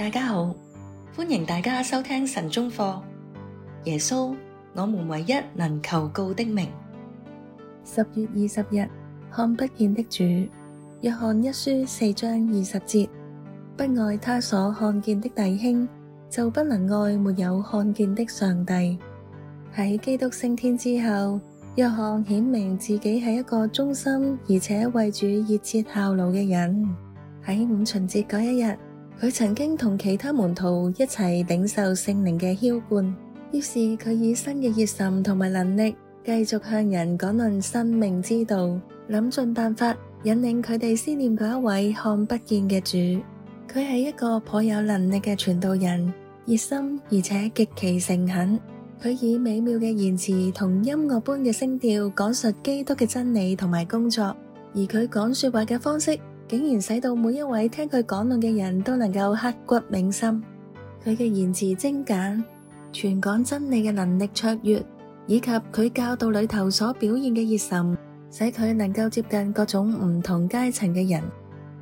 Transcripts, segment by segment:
大家好，歡迎大家收聽晨鐘課。耶穌，我們唯一能求告的名。十月二十日，看不見的主。約翰一書四章二十節：不愛他所看見的弟兄，就不能愛沒有看見的上帝。喺基督升天之後，約翰顯明自己係一個忠心而且為主熱切效勞嘅人。喺五旬節嗰一日，佢曾經同其他門徒一齊頂受聖靈嘅澆灌，於是佢以新嘅熱忱同埋能力，繼續向人講論生命之道，諗盡辦法引領佢哋思念嗰一位看不見嘅主。佢係一個頗有能力嘅傳道人，熱心而且極其誠懇。佢以美妙嘅言辭同音樂般嘅聲調講述基督嘅真理同埋工作，而佢講說話嘅方式竟然使到每一位聽佢講論嘅人都能夠刻骨銘心。佢嘅言辭精簡，傳講真理嘅能力卓越，以及佢教導裏頭所表現嘅熱忱，使佢能夠接近各種唔同階層嘅人。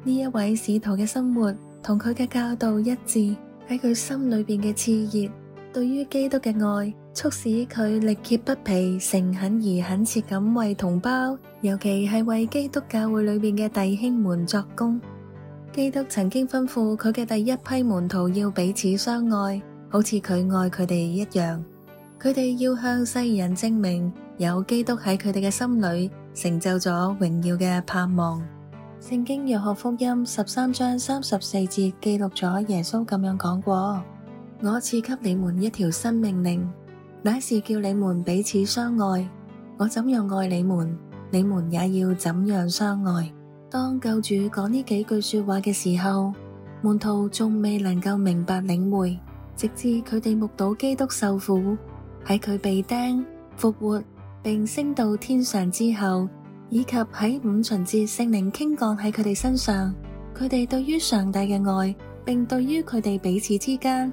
呢一位使徒嘅生活同佢嘅教導一致，喺佢心裏邊嘅熾熱，對於基督嘅愛，促使佢力竭不疲、誠懇而懇切咁為同胞，尤其係為基督教會裏邊嘅弟兄們作工。基督曾經吩咐佢嘅第一批門徒要彼此相愛，好似佢愛佢哋一樣。佢哋要向世人證明有基督喺佢哋嘅心裏，成就咗榮耀嘅盼望。聖經約翰福音十三章三十四節記錄咗耶穌咁樣講過。我賜給你們一條新命令，乃是叫你們彼此相愛。我怎樣愛你們，你們也要怎樣相愛。當救主講呢幾句說話嘅時候，門徒仲未能夠明白領會，直至佢哋目睹基督受苦，喺佢被釘復活並升到天上之後，以及喺五旬節聖靈傾降喺佢哋身上，佢哋對於上帝嘅愛，並對於佢哋彼此之間，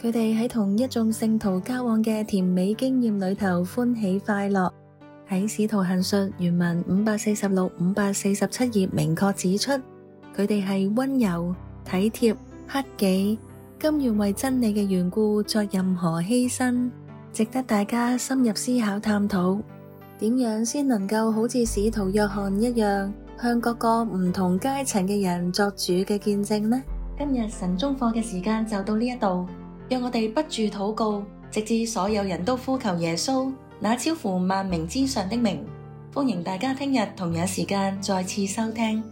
佢哋喺同一眾聖徒交往嘅甜美經驗裏頭歡喜快樂。喺《使徒行述》原文五百四十六、五百四十七頁明確指出，佢哋係溫柔體貼、克己、甘願為真理嘅緣故作任何犧牲，值得大家深入思考探討，點樣先能夠好似使徒約翰一樣向各個唔同階層嘅人作主嘅見證呢？今日神中課嘅時間就到呢一度。讓我哋不住禱告，直至所有人都呼求耶穌，那超乎萬名之上的名。歡迎大家聽日同樣時間再次收聽。